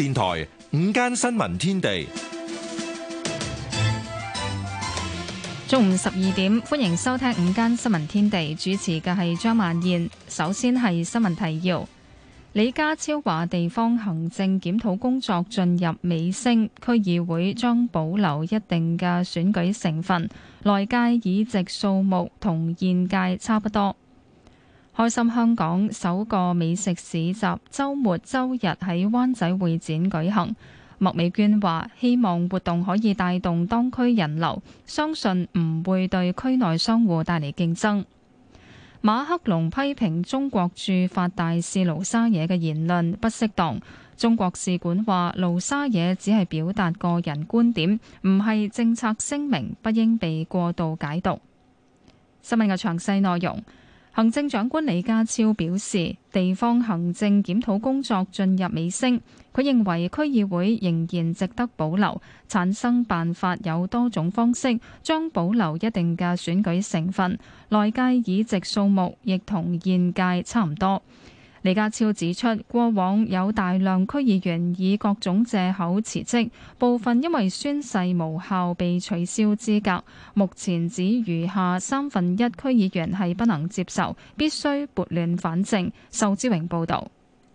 電台午間新聞天地，中午十二點，歡迎收聽午間新聞天地，主持嘅係張曼燕。首先係新聞提要，李家超話地方行政檢討工作進入尾聲，區議會將保留一定嘅選舉成分，內街議席數目同現屆差不多。開心香港首個美食市集周末周日喺灣仔會展舉行。麥美娟話：希望活動可以帶動當區人流，相信唔會對區內商戶帶嚟競爭。馬克龍批評中國駐法大使盧沙野嘅言論不適當。中國使館話：盧沙野只係表達個人觀點，唔係政策聲明，不應被過度解讀。新聞嘅詳細內容。行政長官李家超表示，地方行政檢討工作進入尾聲。佢認為區議會仍然值得保留，產生辦法有多種方式，將保留一定嘅選舉成分。內界議席數目亦同現屆差唔多。李家超指出，過往有大量區議員以各種借口辭職，部分因為宣誓無效被取消資格。目前只餘下三分一區議員係不能接受，必須撥亂反正。仇之榮報道。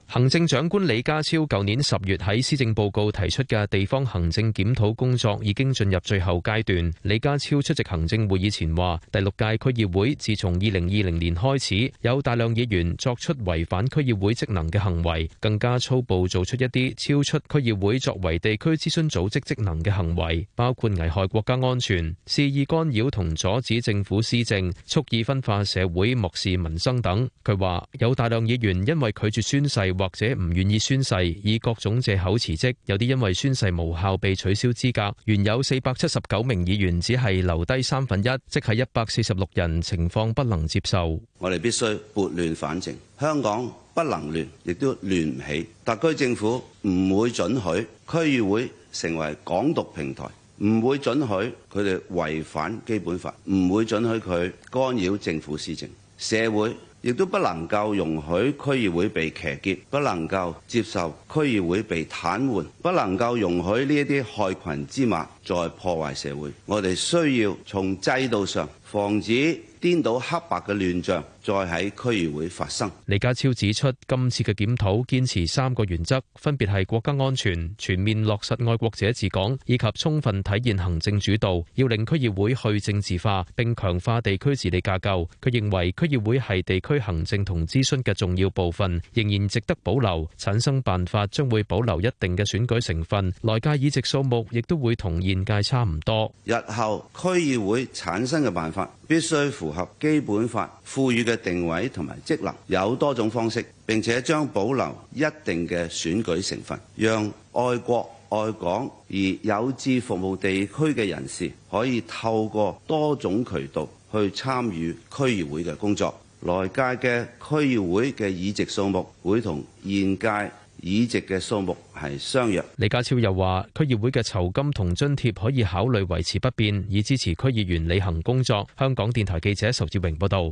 行政長官李家超舊年十月喺施政報告提出嘅地方行政檢討工作已經進入最後階段。李家超出席行政會議前話，第六屆區議會自從二零二零年開始，有大量議員作出違反區議會職能嘅行為，更加粗暴做出一啲超出區議會作為地區諮詢組織職能嘅行為，包括危害國家安全、肆意干擾同阻止政府施政、蓄意分化社會、漠視民生等。佢話有大量議員因為拒絕宣誓。或者唔願意宣誓，以各種藉口辭職，有啲因為宣誓無效被取消資格。原有四百七十九名議員，只係留低三分一，即係一百四十六人，情況不能接受。我哋必須撥亂反正，香港不能亂，亦都亂唔起。特區政府唔會准許區議會成為港獨平台，唔會准許佢哋違反基本法，唔會准許佢干擾政府施政，社會，亦都不能夠容許區議會被騎劫，不能夠接受區議會被癱瘓，不能夠容許呢一啲害群之馬再破壞社會。我哋需要從制度上防止顛倒黑白嘅亂象。再喺區議會發生。李家超指出，今次嘅檢討堅持三個原則，分別係國家安全、全面落實愛國者治港，以及充分體現行政主導。要令區議會去政治化並強化地區治理架構。佢認為區議會係地區行政同諮詢嘅重要部分，仍然值得保留。產生辦法將會保留一定嘅選舉成分，來屆議席數目亦都會同現屆差唔多。日後區議會產生嘅辦法必須符合基本法賦予嘅。定位同埋職能有多種方式，並且將保留一定嘅選舉成分，讓愛國愛港而有志服務地區嘅人士可以透過多種渠道去參與區議會嘅工作。來屆嘅區議會嘅議席數目會同現屆議席嘅數目係相若。李家超又話區議會嘅酬金同津貼可以考慮維持不變，以支持區議員履行工作。香港電台記者仇志榮報道。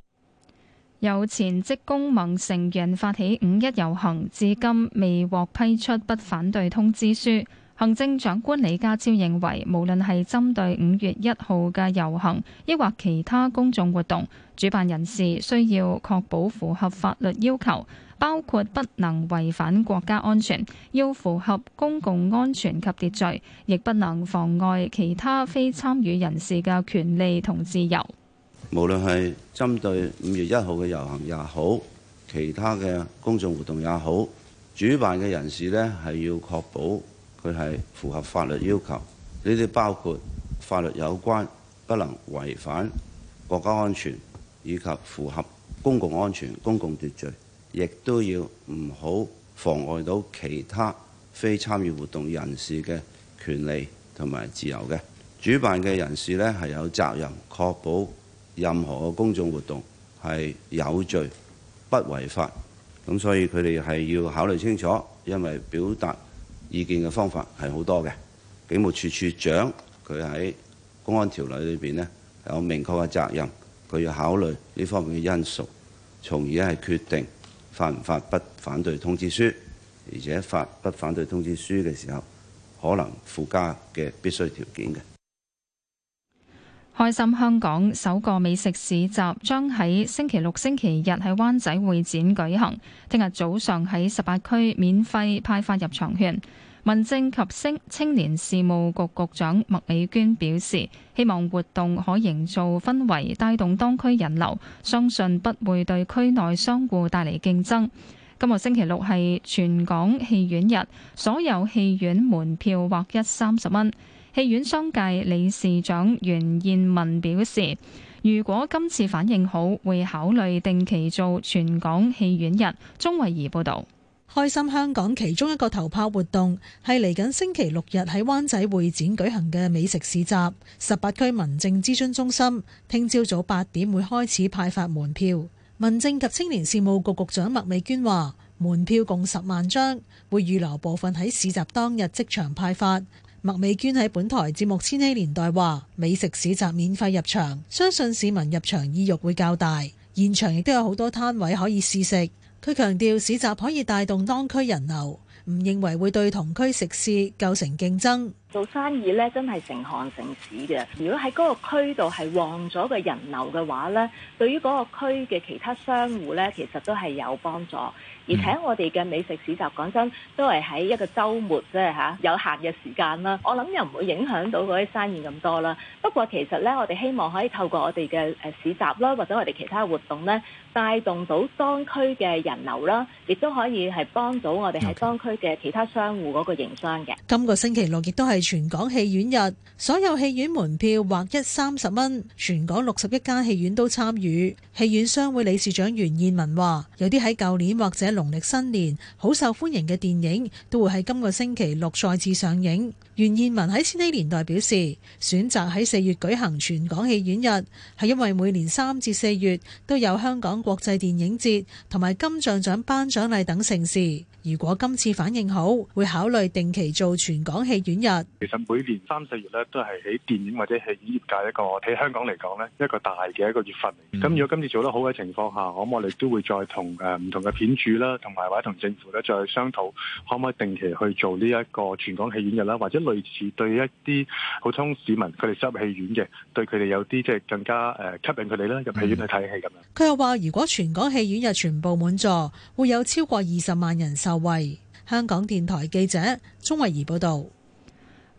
有前職工盟成員發起五一遊行，至今未獲批出不反對通知書。行政長官李家超認為，無論係針對五月一號嘅遊行，抑或其他公眾活動，主辦人士需要確保符合法律要求，包括不能違反國家安全，要符合公共安全及秩序，亦不能妨礙其他非參與人士嘅權利同自由。無論係針對五月一號嘅遊行也好，其他嘅公眾活動也好，主辦嘅人士呢係要確保佢係符合法律要求。呢啲包括法律有關不能違反國家安全，以及符合公共安全、公共秩序，亦都要唔好妨礙到其他非參與活動人士嘅權利同埋自由嘅。主辦嘅人士呢係有責任確保。任何嘅公眾活動係有罪不違法，咁所以佢哋係要考慮清楚，因為表達意見嘅方法係好多嘅。警務處處長，佢喺公安條例裏邊，咧有明確嘅責任，佢要考慮呢方面嘅因素，從而係決定發唔發不反對通知書，而且發不反對通知書嘅時候，可能附加嘅必須條件嘅。開心香港首個美食市集將喺星期六、星期日喺灣仔會展舉行，聽日早上喺十八區免費派發入場券。民政及青年事務局局長麥美娟表示，希望活動可營造氛圍，帶動當區人流，相信不會對區內商戶帶嚟競爭。今個星期六係全港戲院日，所有戲院門票劃一三十蚊。戲院商界理事長袁燕文表示，如果今次反應好，會考慮定期做全港戲院日。鍾慧儀報道。開心香港其中一個頭炮活動係嚟緊星期六日喺灣仔會展舉行嘅美食市集。十八區民政諮詢中心聽朝早八點會開始派發門票。民政及青年事務局局長麥美娟話，門票共十萬張，會預留部分喺市集當日即場派發。麥美娟喺本台節目《千禧年代》話，美食市集免費入場，相信市民入場意欲會較大。現場亦都有好多攤位可以試食。佢強調，市集可以帶動當區人流，唔認為會對同區食肆構成競爭。做生意咧真係成行成市嘅。如果喺嗰個區度係旺咗個人流嘅話咧，對於嗰個區嘅其他商戶咧，其實都係有幫助。而且我哋嘅美食市集，講真都係喺一個周末即係吓有限嘅時間啦。我諗又唔會影響到嗰啲生意咁多啦。不過其實咧，我哋希望可以透過我哋嘅誒市集啦，或者我哋其他活動咧，帶動到當區嘅人流啦，亦都可以係幫到我哋喺當區嘅其他商戶嗰個營商嘅。嗯、今個星期六亦都係。全港戲院日，所有戲院門票劃一三十蚊。全港六十一間戲院都參與。戲院商會理事長袁燕文話，有啲喺舊年或者農曆新年好受歡迎嘅電影，都會喺今個星期六再次上映。袁燕文喺千禧年代表示，選擇喺四月舉行全港戲院日，係因為每年三至四月都有香港國際電影節同埋金像獎頒獎禮等盛事。如果今次反應好，會考慮定期做全港戲院日。其實每年三四月咧，都係喺電影或者戲院業界一個喺香港嚟講呢，一個大嘅一個月份。咁如果今次做得好嘅情況下，咁我哋都會再同誒唔同嘅片主啦，同埋或者同政府咧再商討，可唔可以定期去做呢一個全港戲院日啦，或者類似對一啲普通市民佢哋收入戲院嘅，對佢哋有啲即係更加誒吸引佢哋啦，入戲院去睇戲咁樣。佢又話：如果全港戲院日全部滿座，會有超過二十萬人受。為香港電台記者鍾慧怡報道。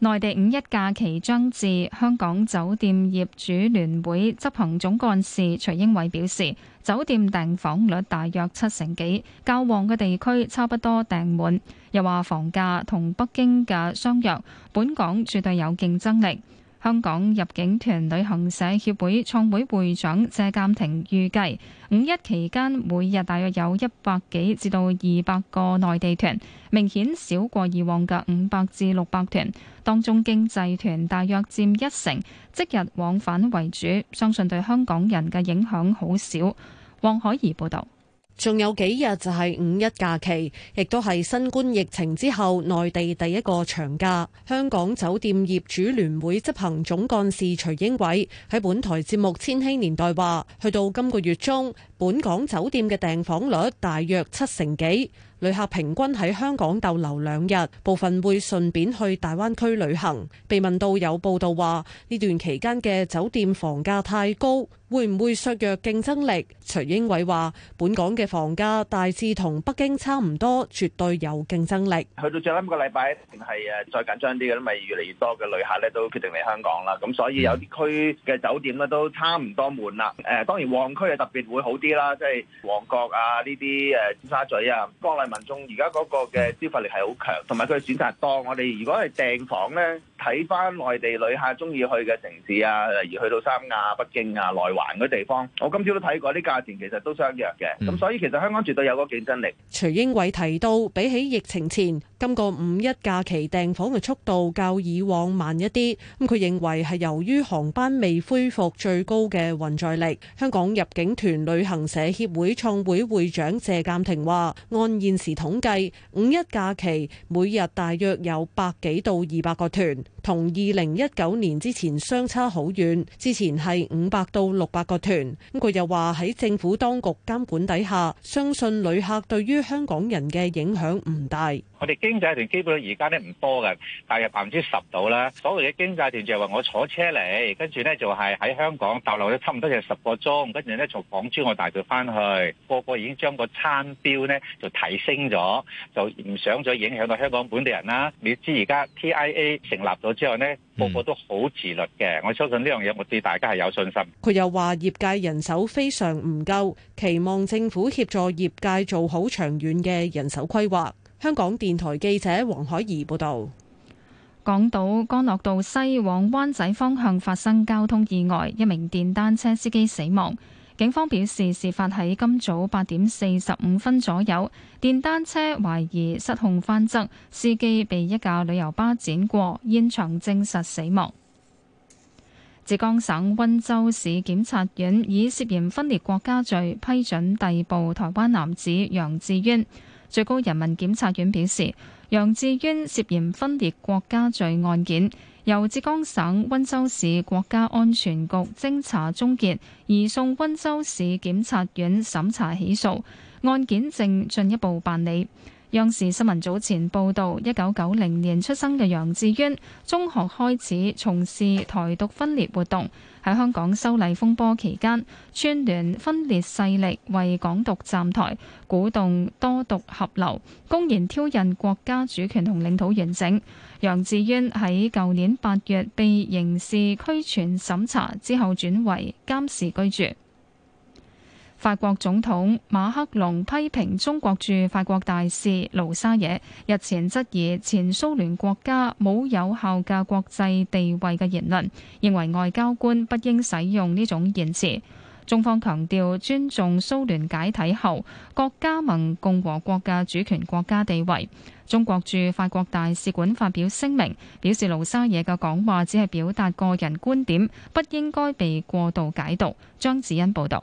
內地五一假期將至，香港酒店業主聯會執行總幹事徐英偉表示，酒店訂房率大約七成幾，較旺嘅地區差不多訂滿。又話房價同北京嘅相若，本港絕對有競爭力。香港入境團旅行社協會創會會長謝鑑庭預計五一期間每日大約有一百幾至到二百個內地團，明顯少過以往嘅五百至六百團。當中經濟團大約佔一成，即日往返為主，相信對香港人嘅影響好少。黃海怡報道。仲有幾日就係五一假期，亦都係新冠疫情之後內地第一個長假。香港酒店業主聯會執行總幹事徐英偉喺本台節目《千禧年代》話：去到今個月中。本港酒店嘅訂房率大約七成幾，旅客平均喺香港逗留兩日，部分會順便去大灣區旅行。被問到有報道話呢段期間嘅酒店房價太高，會唔會削弱競爭力？徐英偉話：本港嘅房價大致同北京差唔多，絕對有競爭力。去到最後一個禮拜，一定係誒再緊張啲嘅，因為越嚟越多嘅旅客咧都決定嚟香港啦，咁所以有啲區嘅酒店咧都差唔多滿啦。誒，當然旺區啊特別會好啲。啦，即係旺角啊，呢啲誒尖沙咀啊，港麗民眾。而家嗰個嘅消費力係好強，同埋佢選擇多。我哋如果係訂房咧。睇翻內地旅客中意去嘅城市啊，而去到三亞、北京啊、內環嗰啲地方，我今朝都睇過啲價錢，其實都相若嘅。咁所以其實香港絕對有嗰個競爭力。徐英偉提到，比起疫情前，今個五一假期訂房嘅速度較以往慢一啲。咁佢認為係由於航班未恢復最高嘅運載力。香港入境團旅行社協會創會會長謝鑑庭話，按現時統計，五一假期每日大約有百幾到二百個團。同二零一九年之前相差好遠，之前係五百到六百個團，咁佢又話喺政府當局監管底下，相信旅客對於香港人嘅影響唔大。我哋經濟團基本而家咧唔多嘅，大約百分之十到啦。所謂嘅經濟團就係話我坐車嚟，跟住咧就係喺香港逗留咗差唔多成十個鐘，跟住咧就港珠我帶佢翻去。個個已經將個餐標咧就提升咗，就唔想再影響到香港本地人啦。你知而家 TIA 成立咗之後咧，個個都好自律嘅。我相信呢樣嘢，我對大家係有信心。佢又話業界人手非常唔夠，期望政府協助業界做好長遠嘅人手規劃。香港電台記者黃海怡報道：港島干諾道西往灣仔方向發生交通意外，一名電單車司機死亡。警方表示，事發喺今早八點四十五分左右，電單車懷疑失控翻側，司機被一架旅遊巴輾過，現場證實死亡。浙江省温州市檢察院以涉嫌分裂國家罪批准逮捕台灣男子楊智淵。最高人民檢察院表示，楊智淵涉嫌分裂國家罪案件，由浙江省溫州市國家安全局偵查終結，移送溫州市檢察院審查起訴，案件正進一步辦理。央視新聞早前報道，一九九零年出生嘅楊智淵，中學開始從事台獨分裂活動。喺香港修例風波期間，串聯分裂勢力為港獨站台，鼓動多獨合流，公然挑釁國家主權同領土完整。楊智淵喺舊年八月被刑事拘傳審查之後轉為監視居住。法國總統馬克龍批評中國駐法國大使盧沙野日前質疑前蘇聯國家冇有有效嘅國際地位嘅言論，認為外交官不應使用呢種言辭。中方強調尊重蘇聯解體後各加盟共和國嘅主權國家地位。中國駐法國大使館發表聲明，表示盧沙野嘅講話只係表達個人觀點，不應該被過度解讀。張子恩報道。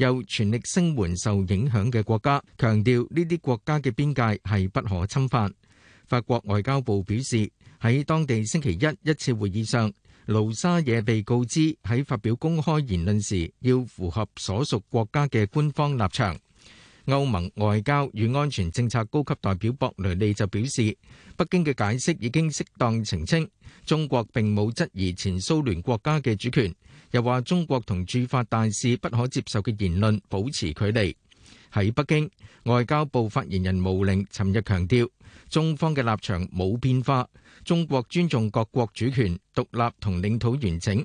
又全力聲援受影響嘅國家，強調呢啲國家嘅邊界係不可侵犯。法國外交部表示，喺當地星期一一次會議上，盧沙野被告知喺發表公開言論時要符合所屬國家嘅官方立場。歐盟外交與安全政策高級代表博雷利就表示，北京嘅解釋已經適當澄清，中國並冇質疑前蘇聯國家嘅主權。又話中國同駐法大使不可接受嘅言論保持距離。喺北京，外交部發言人毛寧尋日強調，中方嘅立場冇變化，中國尊重各國主權、獨立同領土完整。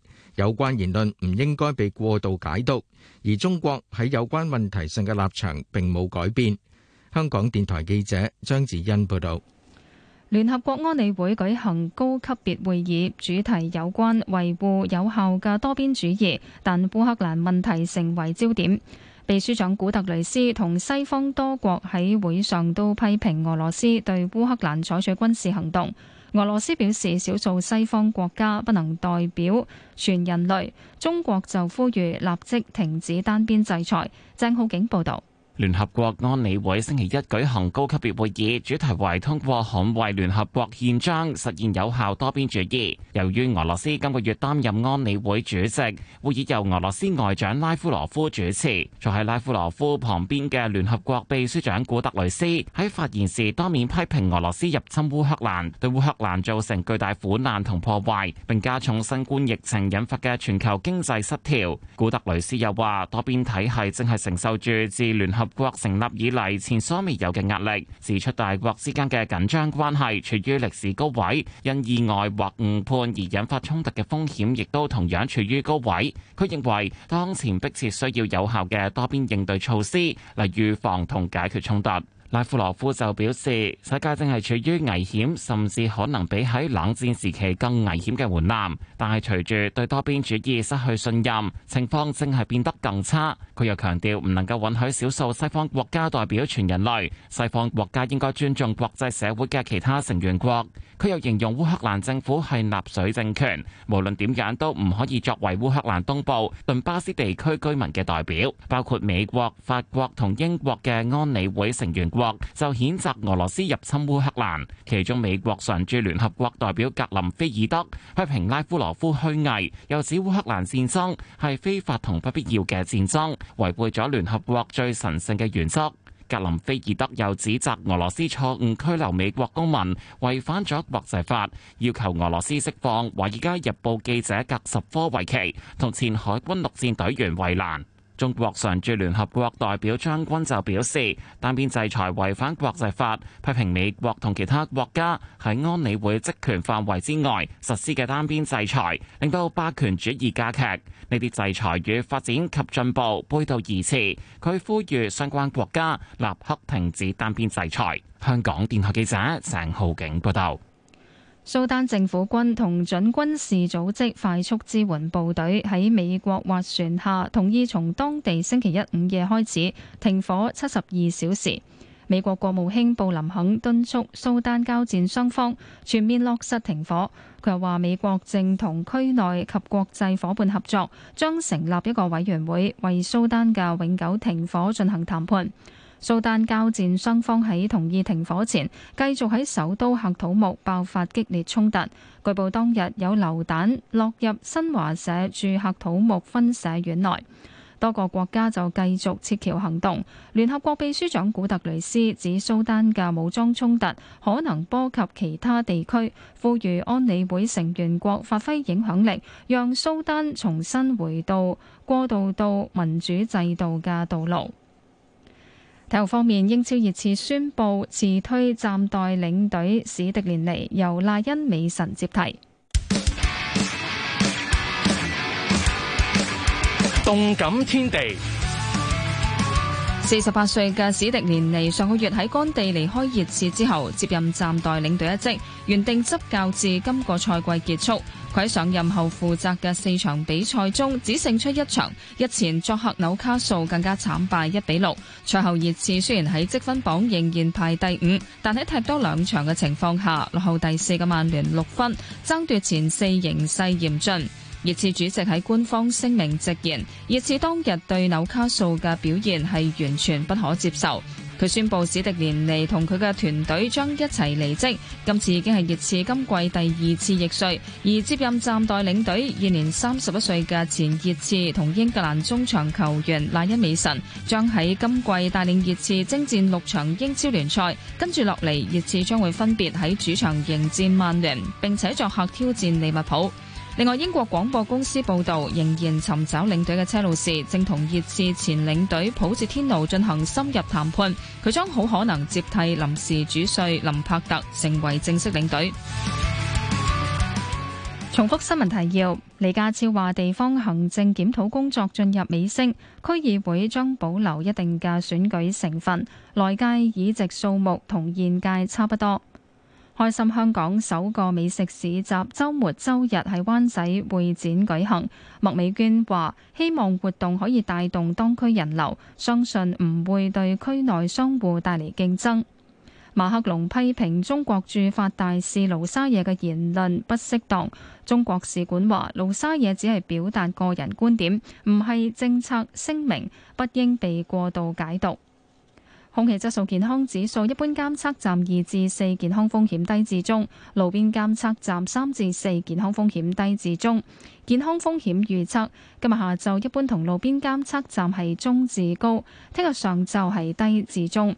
有關言論唔應該被過度解讀，而中國喺有關問題上嘅立場並冇改變。香港電台記者張子欣報導，聯合國安理會舉行高級別會議，主題有關維護有效嘅多邊主義，但烏克蘭問題成為焦點。秘書長古特雷斯同西方多國喺會上都批評俄羅斯對烏克蘭採取軍事行動。俄羅斯表示，少數西方國家不能代表全人類。中國就呼籲立即停止單邊制裁。鄭浩景報導。聯合國安理會星期一舉行高級別會議，主題為通過捍衛聯合國憲章，實現有效多邊主義。由於俄羅斯今個月擔任安理會主席，會議由俄羅斯外長拉夫羅夫主持。坐喺拉夫羅夫旁邊嘅聯合國秘書長古特雷斯喺發言時，當面批評俄羅斯入侵烏克蘭，對烏克蘭造成巨大苦難同破壞，並加重新冠疫情引發嘅全球經濟失調。古特雷斯又話，多邊體系正係承受住自聯合國成立以嚟前所未有嘅壓力，指出大國之間嘅緊張關係處於歷史高位，因意外或誤判而引發衝突嘅風險亦都同樣處於高位。佢認為當前迫切需要有效嘅多邊應對措施嚟預防同解決衝突。拉夫羅夫就表示，世界正係處於危險，甚至可能比喺冷戰時期更危險嘅緩慢。但係隨住對多邊主義失去信任，情況正係變得更差。佢又強調唔能夠允許少數西方國家代表全人類，西方國家應該尊重國際社會嘅其他成員國。佢又形容烏克蘭政府係納粹政權，無論點樣都唔可以作為烏克蘭東部頓巴斯地區居民嘅代表，包括美國、法國同英國嘅安理會成員，就譴責俄羅斯入侵烏克蘭，其中美國常駐聯合國代表格林菲爾德批評拉夫羅夫虛偽，又指烏克蘭戰爭係非法同不必要嘅戰爭，違背咗聯合國最神聖嘅原則。格林菲爾德又指責俄羅斯錯誤拘留美國公民，違反咗國際法，要求俄羅斯釋放《華爾街日報》記者格什科維奇同前海軍陸戰隊員惠蘭。中國常駐聯合國代表張軍就表示，單邊制裁違反國際法，批評美國同其他國家喺安理會職權範圍之外實施嘅單邊制裁，令到霸權主義加劇，呢啲制裁與發展及進步背道而馳。佢呼籲相關國家立刻停止單邊制裁。香港電台記者鄭浩景報道。蘇丹政府軍同準軍事組織快速支援部隊喺美國斡旋下，同意從當地星期一午夜開始停火七十二小時。美國國務卿布林肯敦促蘇丹交戰雙方全面落實停火，佢又話美國正同區內及國際伙伴合作，將成立一個委員會為蘇丹嘅永久停火進行談判。蘇丹交戰雙方喺同意停火前，繼續喺首都喀土穆爆發激烈衝突。據報當日有榴彈落入新華社駐喀土穆分社院內。多個國家就繼續撤僑行動。聯合國秘書長古特雷斯指蘇丹嘅武裝衝突可能波及其他地區，呼籲安理會成員國發揮影響力，讓蘇丹重新回到過渡到民主制度嘅道路。體育方面，英超熱刺宣佈辭退暫代領隊史迪連尼，由賴恩美神接替。動感天地，四十八歲嘅史迪連尼上個月喺干地離開熱刺之後，接任暫代領隊一職，原定執教至今個賽季結束。佢上任後負責嘅四場比賽中，只勝出一場，日前作客紐卡素更加慘敗一比六。賽後熱刺雖然喺積分榜仍然排第五，但喺踢多兩場嘅情況下，落後第四嘅曼聯六分，爭奪前四形勢嚴峻。熱刺主席喺官方聲明直言，熱刺當日對紐卡素嘅表現係完全不可接受。佢宣布史迪連尼同佢嘅團隊將一齊離職。今次已經係熱刺今季第二次易帥，而接任暫代領隊、現年三十一歲嘅前熱刺同英格蘭中場球員賴恩美臣將喺今季帶領熱刺征戰六場英超聯賽。跟住落嚟，熱刺將會分別喺主場迎戰曼聯，並且作客挑戰利物浦。另外，英國廣播公司報導，仍然尋找領隊嘅車路士正同熱刺前領隊普捷天奴進行深入談判，佢將好可能接替臨時主帥林柏特成為正式領隊。重複新聞提要：李家超話，地方行政檢討工作進入尾聲，區議會將保留一定嘅選舉成分，內屆議席數目同現屆差不多。開心香港首個美食市集周末周日喺灣仔會展舉行。麥美娟話：希望活動可以帶動當區人流，相信唔會對區內商戶帶嚟競爭。馬克龍批評中國駐法大使盧沙野嘅言論不適當。中國使館話：盧沙野只係表達個人觀點，唔係政策聲明，不應被過度解讀。空氣質素健康指數一般監測站二至四，健康風險低至中；路邊監測站三至四，健康風險低至中。健康風險預測今日下晝一般同路邊監測站係中至高，聽日上晝係低至中。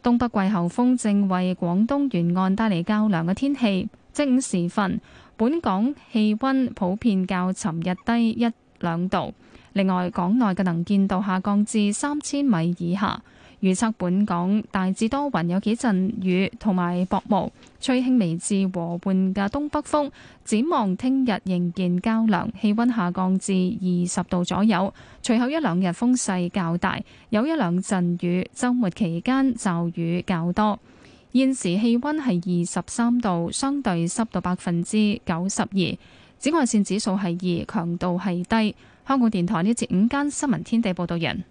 東北季候風正為廣東沿岸帶嚟較涼嘅天氣。正午時分，本港氣溫普遍較尋日低一兩度。另外，港內嘅能見度下降至三千米以下。預測本港大致多雲，有幾陣雨同埋薄霧，吹輕微至和緩嘅東北風。展望聽日仍見較涼，氣溫下降至二十度左右。隨後一兩日風勢較大，有一兩陣雨。周末期間驟雨較多。現時氣溫係二十三度，相對濕度百分之九十二，紫外線指數係二，強度係低。香港電台呢節午間新聞天地報道人。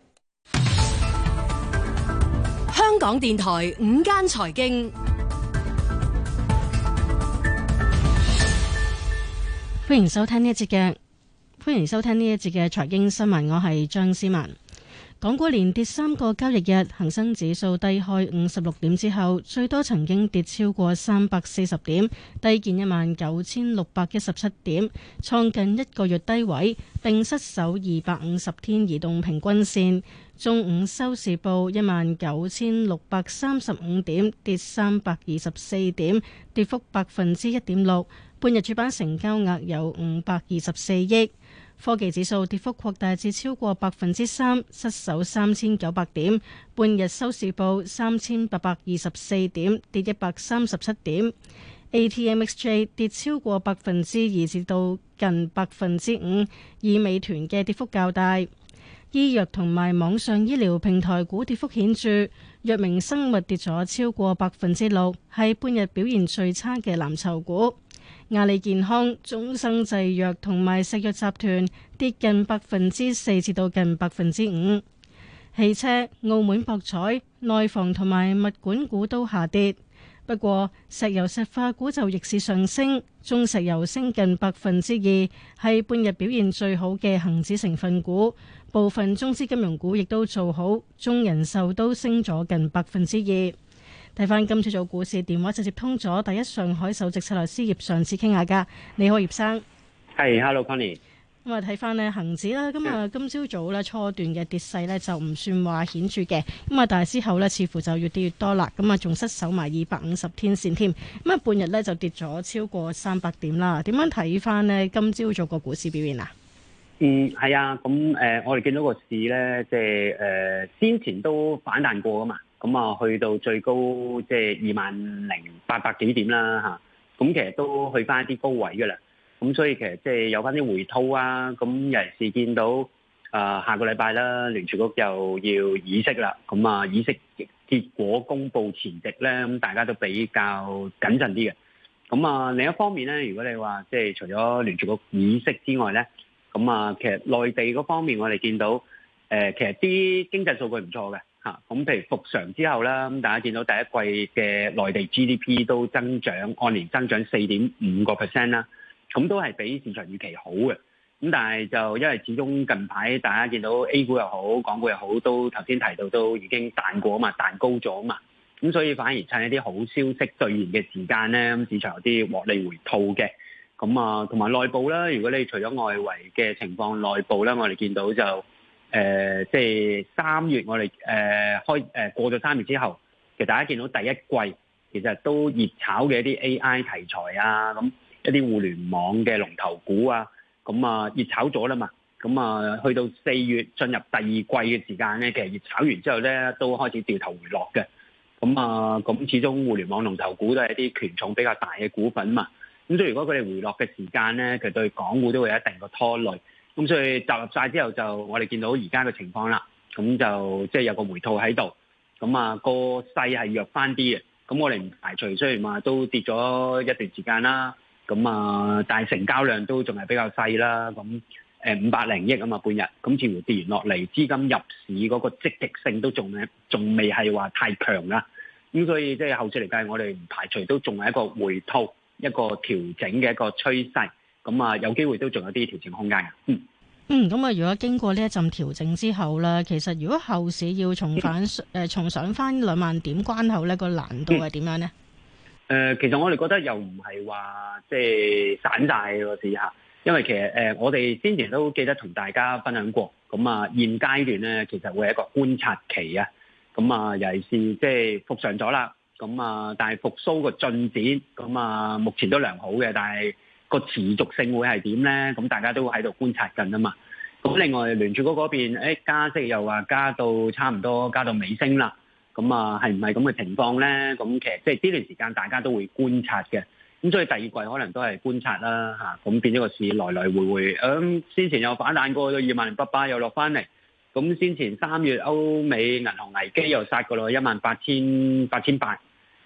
香港電台五間財經，歡迎收聽呢一節嘅，歡迎收聽呢一節嘅財經新聞。我係張思文。港股連跌三個交易日，恒生指數低開五十六點之後，最多曾經跌超過三百四十點，低見一萬九千六百一十七點，創近一個月低位，並失守二百五十天移動平均線。中午收市報一萬九千六百三十五點，跌三百二十四點，跌幅百分之一點六。半日主板成交額有五百二十四億。科技指數跌幅擴大至超過百分之三，失守三千九百點。半日收市報三千八百二十四點，跌一百三十七點。A T M X J 跌超過百分之二，至到近百分之五，以美團嘅跌幅較大。醫藥同埋網上醫療平台股跌幅顯著，藥明生物跌咗超過百分之六，係半日表現最差嘅藍籌股。阿里健康、中生製藥同埋石藥集團跌近百分之四至到近百分之五。汽車、澳門博彩、內房同埋物管股都下跌，不過石油石化股就逆市上升，中石油升近百分之二，係半日表現最好嘅恒指成分股。部分中資金融股亦都做好，中人壽都升咗近百分之二。睇翻今朝早股市，電話直接通咗第一上海首席策略師葉上次傾下噶。你好，葉生。係，hey，hello Connie。咁啊，睇翻呢恒指啦，今日今朝早呢初段嘅跌勢呢就唔算話顯著嘅，咁啊但係之後呢似乎就越跌越多啦，咁啊仲失守埋二百五十天線添，咁啊半日呢就跌咗超過三百點啦。點樣睇翻呢今朝早個股市表現啊？嗯，係啊，咁誒、呃，我哋見到個市咧，即係誒，先前都反彈過噶嘛，咁、嗯、啊，去到最高即係二萬零八百幾點啦，吓、啊，咁、嗯、其實都去翻一啲高位噶啦，咁、嗯、所以其實即係有翻啲回吐啊，咁、嗯、尤其係見到啊、呃，下個禮拜啦，聯儲局又要議息啦，咁、嗯、啊，議息結果公佈前夕咧，咁、嗯、大家都比較謹慎啲嘅，咁、嗯、啊，另一方面咧，如果你話即係除咗聯儲局議息之外咧。咁啊、嗯，其實內地嗰方面，我哋見到誒、呃，其實啲經濟數據唔錯嘅嚇。咁、啊、譬、嗯、如復常之後啦，咁、嗯、大家見到第一季嘅內地 GDP 都增長，按年增長四點五個 percent 啦，咁、啊嗯、都係比市場預期好嘅。咁、嗯、但係就因為始終近排大家見到 A 股又好，港股又好，都頭先提到都已經彈過啊嘛，彈高咗啊嘛，咁、嗯、所以反而趁一啲好消息兌現嘅時間咧，咁、嗯、市場有啲獲利回吐嘅。咁啊，同埋內部啦。如果你除咗外圍嘅情況，內部咧，我哋見到就誒，即係三月我哋誒、呃、開誒、呃、過咗三月之後，其實大家見到第一季其實都熱炒嘅一啲 AI 題材啊，咁一啲互聯網嘅龍頭股啊，咁啊熱炒咗啦嘛。咁啊，去到四月進入第二季嘅時間咧，其實熱炒完之後咧，都開始掉頭回落嘅。咁啊，咁始終互聯網龍頭股都係一啲權重比較大嘅股份嘛。咁所以如果佢哋回落嘅時間咧，佢對港股都會有一定個拖累。咁所以集合晒之後就就，就我哋見到而家嘅情況啦。咁就即係有個回吐喺度。咁啊，個勢係弱翻啲嘅。咁我哋唔排除，雖然話都跌咗一段時間啦。咁啊，但係成交量都仲係比較細啦。咁誒五百零億啊嘛，半日咁似乎跌完落嚟，資金入市嗰個積極性都仲未，仲未係話太強啦。咁所以即係、就是、後市嚟計，我哋唔排除都仲係一個回吐。一個調整嘅一個趨勢，咁啊，有機會都仲有啲調整空間嘅。嗯，嗯，咁啊，如果經過呢一陣調整之後咧，其實如果後市要重返誒重上翻兩萬點關口咧，個難度係點樣咧？誒、呃，其實我哋覺得又唔係話即係散晒個市下，因為其實誒、呃，我哋先前都記得同大家分享過，咁啊，現階段咧，其實會係一個觀察期啊，咁啊，尤其是即係復上咗啦。咁啊，但係復甦個進展，咁啊，目前都良好嘅，但係個持續性會係點咧？咁大家都喺度觀察緊啊嘛。咁另外聯儲局嗰邊、欸，加息又話加到差唔多加到尾聲啦。咁啊，係唔係咁嘅情況咧？咁其實即係呢段時間，大家都會觀察嘅。咁所以第二季可能都係觀察啦，嚇、啊。咁變咗個市來來回回。咁、啊、先前又反彈過去到二萬零八百又，又落返嚟。咁先前三月歐美銀行危機又殺過咯，一萬八千八千八。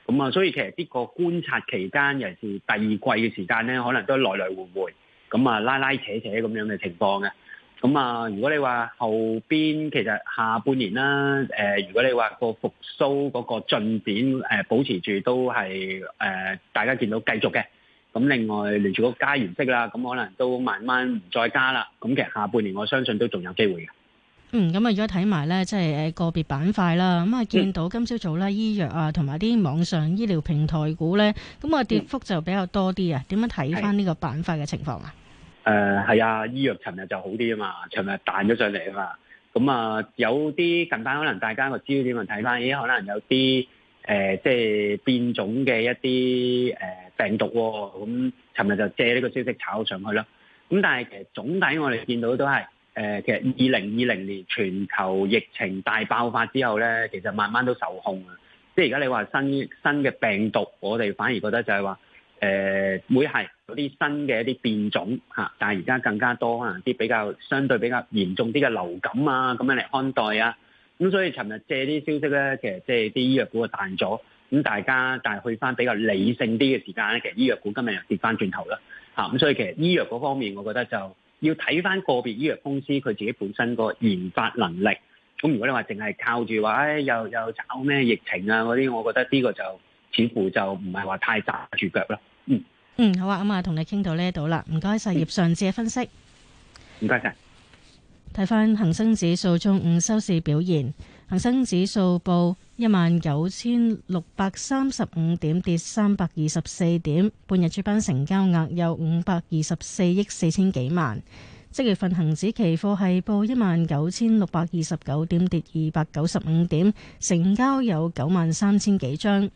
咁啊、嗯，所以其實呢個觀察期間，尤其是第二季嘅時間咧，可能都來來回回，咁啊拉拉扯扯咁樣嘅情況嘅。咁、嗯、啊，如果你話後邊其實下半年啦，誒、呃、如果你話個復甦嗰個進展誒、呃、保持住都係誒、呃、大家見到繼續嘅。咁、嗯、另外連住個加完息啦，咁可能都慢慢唔再加啦。咁、嗯、其實下半年我相信都仲有機會嘅。嗯，咁啊，如果睇埋咧，即係誒個別板塊啦，咁啊，見到今朝早咧醫藥啊，同埋啲網上醫療平台股咧，咁啊跌幅就比較多啲啊。點樣睇翻呢個板塊嘅情況啊？誒係啊，醫藥尋日就好啲啊嘛，尋日彈咗上嚟啊嘛。咁啊，有啲近排可能大家個焦點嚟睇翻，咦？可能有啲誒、呃、即係變種嘅一啲誒病毒喎。咁尋日就借呢個消息炒上去咯。咁但係其實總體我哋見到都係。誒，其實二零二零年全球疫情大爆發之後咧，其實慢慢都受控啊。即係而家你話新新嘅病毒，我哋反而覺得就係話誒，會係有啲新嘅一啲變種吓、啊。但係而家更加多可能啲比較相對比較嚴重啲嘅流感啊，咁樣嚟看待啊。咁所以尋日借啲消息咧，其實即係啲醫藥股啊彈咗。咁大家但係去翻比較理性啲嘅時間咧，其實醫藥股今日又跌翻轉頭啦。吓、啊、咁，所以其實醫藥嗰方面，我覺得就。要睇翻個別醫藥公司佢自己本身個研發能力，咁如果你話淨係靠住話，唉、哎，又又炒咩疫情啊嗰啲，我覺得呢個就似乎就唔係話太揸住腳咯。嗯，嗯，好啊，咁啊，同你傾到呢度啦，唔該曬葉尚志嘅分析。唔該晒，睇翻恒生指數中午收市表現，恒生指數報。一萬九千六百三十五點，跌三百二十四點，半日主板成交額有五百二十四億四千幾萬。即月份恒指期貨係報一萬九千六百二十九點，跌二百九十五點，成交有九萬三千幾張。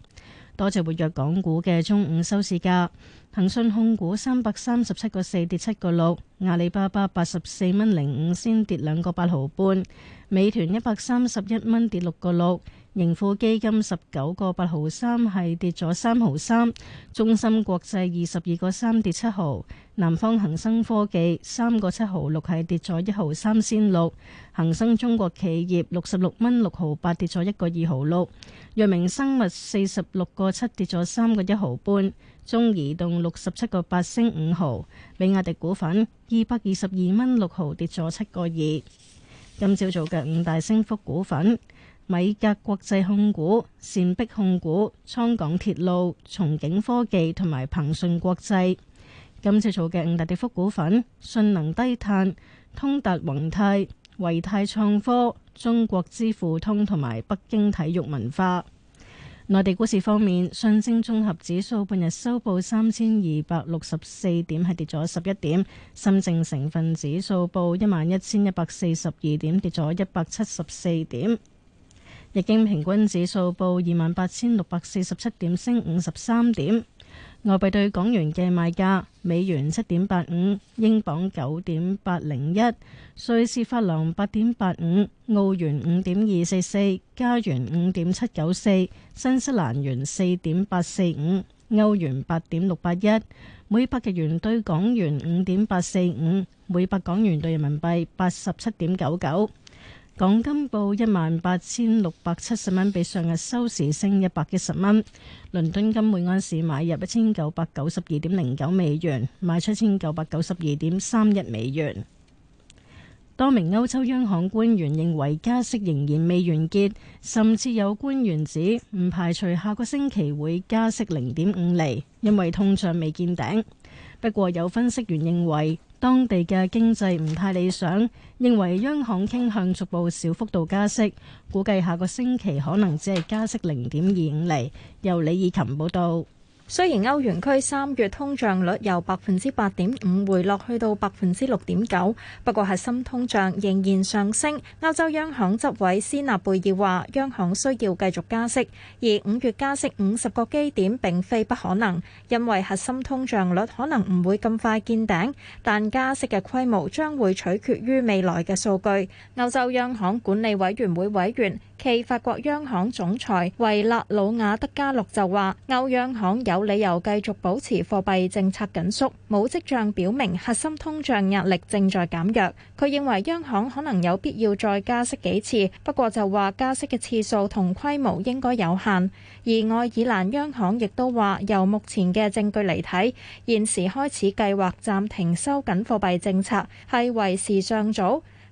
多隻活躍港股嘅中午收市價，騰訊控股三百三十七個四跌七個六，阿里巴巴八十四蚊零五先跌兩個八毫半，美團一百三十一蚊跌六個六。盈富基金十九個八毫三係跌咗三毫三，中芯國際二十二個三跌七毫，南方恒生科技三個七毫六係跌咗一毫三仙六，恒生中國企業六十六蚊六毫八跌咗一個二毫六，藥明生物四十六個七跌咗三個一毫半，中移動六十七個八升五毫，比亞迪股份二百二十二蚊六毫跌咗七個二，今朝早嘅五大升幅股份。米格國際控股、善壁控股、倉港鐵路、松景科技同埋鵬信國際今次做嘅五大跌幅股份：信能低碳、通達宏泰、維泰創科、中國支付通同埋北京體育文化。內地股市方面，上證綜合指數半日收報三千二百六十四點，係跌咗十一點；深證成分指數報一萬一千一百四十二點，跌咗一百七十四點。日經平均指數報二萬八千六百四十七點，升五十三點。外幣對港元嘅賣價：美元七點八五，英鎊九點八零一，瑞士法郎八點八五，澳元五點二四四，加元五點七九四，新西蘭元四點八四五，歐元八點六八一，每百日元對港元五點八四五，每百港元對人民幣八十七點九九。港金報一萬八千六百七十蚊，比上日收市升一百一十蚊。倫敦金每安士買入一千九百九十二點零九美元，賣出千九百九十二點三一美元。多名歐洲央行官員認為加息仍然未完結，甚至有官員指唔排除下個星期會加息零點五釐，因為通脹未見頂。不過有分析員認為，當地嘅經濟唔太理想，認為央行傾向逐步小幅度加息，估計下個星期可能只係加息零點二五釐。由李以琴報道。雖然歐元區三月通脹率由百分之八點五回落去到百分之六點九，不過核心通脹仍然上升。歐洲央行執委斯納貝爾話：央行需要繼續加息，而五月加息五十個基點並非不可能，因為核心通脹率可能唔會咁快見頂，但加息嘅規模將會取決於未來嘅數據。歐洲央行管理委員會委員其法國央行總裁維勒魯瓦德加洛就話：歐央行有理由繼續保持貨幣政策緊縮，冇跡象表明核心通脹壓力正在減弱。佢認為央行可能有必要再加息幾次，不過就話加息嘅次數同規模應該有限。而愛爾蘭央行亦都話，由目前嘅證據嚟睇，現時開始計劃暫停收緊貨幣政策，係為時尚早。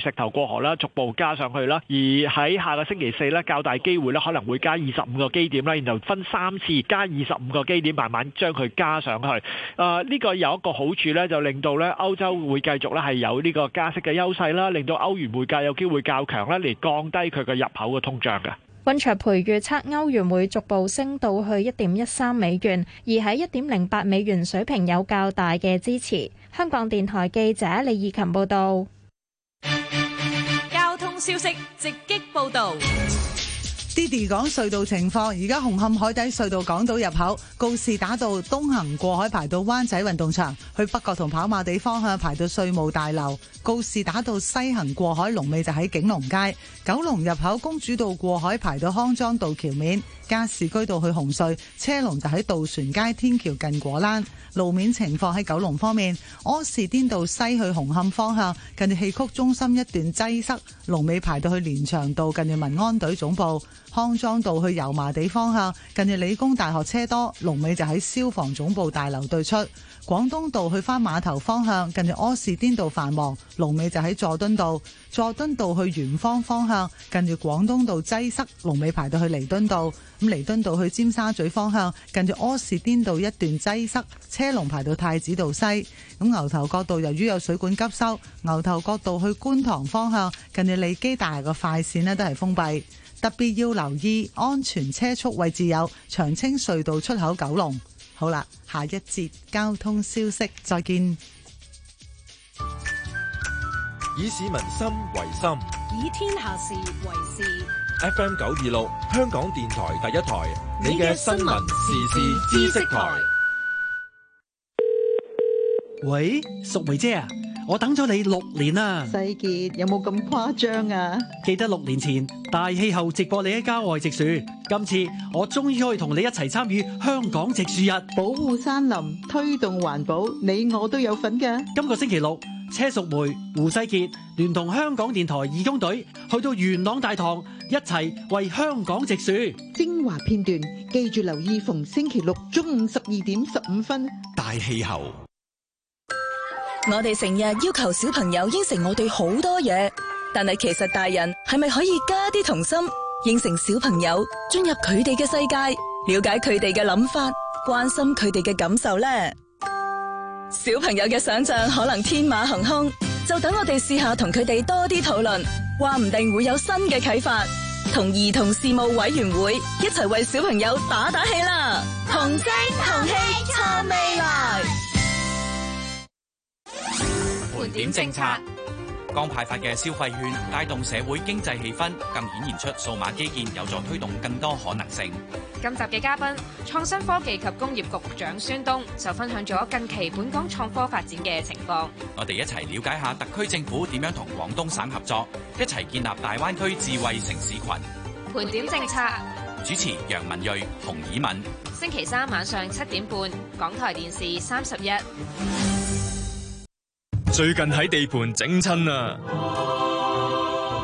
石頭過河啦，逐步加上去啦。而喺下個星期四咧，較大機會咧可能會加二十五個基點啦，然後分三次加二十五個基點，慢慢將佢加上去。誒，呢個有一個好處咧，就令到咧歐洲會繼續咧係有呢個加息嘅優勢啦，令到歐元匯價有機會較強咧，嚟降低佢嘅入口嘅通脹嘅。溫卓培預測歐元會逐步升到去一點一三美元，而喺一點零八美元水平有較大嘅支持。香港電台記者李義琴報道。消息直擊報道，Diddy 講隧道情況。而家紅磡海底隧道港島入口告示打到東行過海排到灣仔運動場，去北角同跑馬地方向排到稅務大樓告示打到西行過海龍尾就喺景隆街九龍入口公主道過海排到康莊道橋面。加士居道去紅隧，車龍就喺渡船街天橋近果欄。路面情況，喺九龍方面，柯士甸道西去紅磡方向，近住戲曲中心一段擠塞，龍尾排到去連翔道近住民安隊總部。康莊道去油麻地方向，近住理工大學車多，龍尾就喺消防總部大樓對出。廣東道去翻碼頭方向，近住柯士甸道繁忙，龍尾就喺佐敦道；佐敦道去元芳方，方向，近住廣東道擠塞，龍尾排到去彌敦道；咁彌敦道去尖沙咀方向，近住柯士甸道一段擠塞，車龍排到太子道西；咁牛頭角道由於有水管急修，牛頭角道去觀塘方向，近住利基大個快線咧都係封閉。特別要留意安全車速位置有長青隧道出口九龍。好啦。下一節交通消息，再見。以市民心為心，以天下事為事。FM 九二六，香港電台第一台，你嘅新聞時事知識台。喂，淑梅姐啊！我等咗你六年啦，世傑有冇咁誇張啊？記得六年前大氣候直播你喺郊外植樹，今次我終於可以同你一齊參與香港植樹日，保護山林，推動環保，你我都有份嘅。今個星期六，車淑梅、胡世傑聯同香港電台義工隊去到元朗大棠，一齊為香港植樹。精華片段記住留意，逢星期六中午十二點十五分大氣候。我哋成日要求小朋友應承我哋好多嘢，但係其實大人係咪可以加啲童心，應承小朋友，進入佢哋嘅世界，了解佢哋嘅諗法，關心佢哋嘅感受呢？小朋友嘅想象可能天馬行空，就等我哋試下同佢哋多啲討論，話唔定會有新嘅啟發。同兒童事務委員會一齊為小朋友打打氣啦！童聲童氣撐未來。盤點政策，剛派發嘅消費券帶動社會經濟氣氛，更顯現出數碼基建有助推動更多可能性。今集嘅嘉賓，創新科技及工業局局長孫東就分享咗近期本港創科發展嘅情況。我哋一齊了解下特區政府點樣同廣東省合作，一齊建立大灣區智慧城市群。盤點政策，主持楊文睿、洪以敏。星期三晚上七點半，港台電視三十一。最近喺地盤整親啊，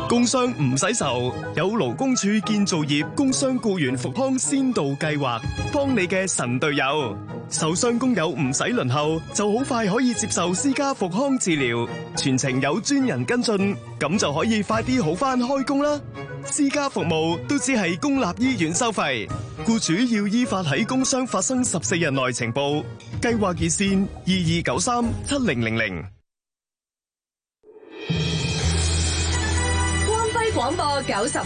工傷唔使愁，有勞工處建造業工傷僱員復康先導計劃，幫你嘅神隊友，受傷工友唔使輪候，就好快可以接受私家復康治療，全程有專人跟進，咁就可以快啲好返開工啦。私家服務都只係公立醫院收費，僱主要依法喺工傷發生十四日內情報。計劃熱線二二九三七零零零。廣播九十。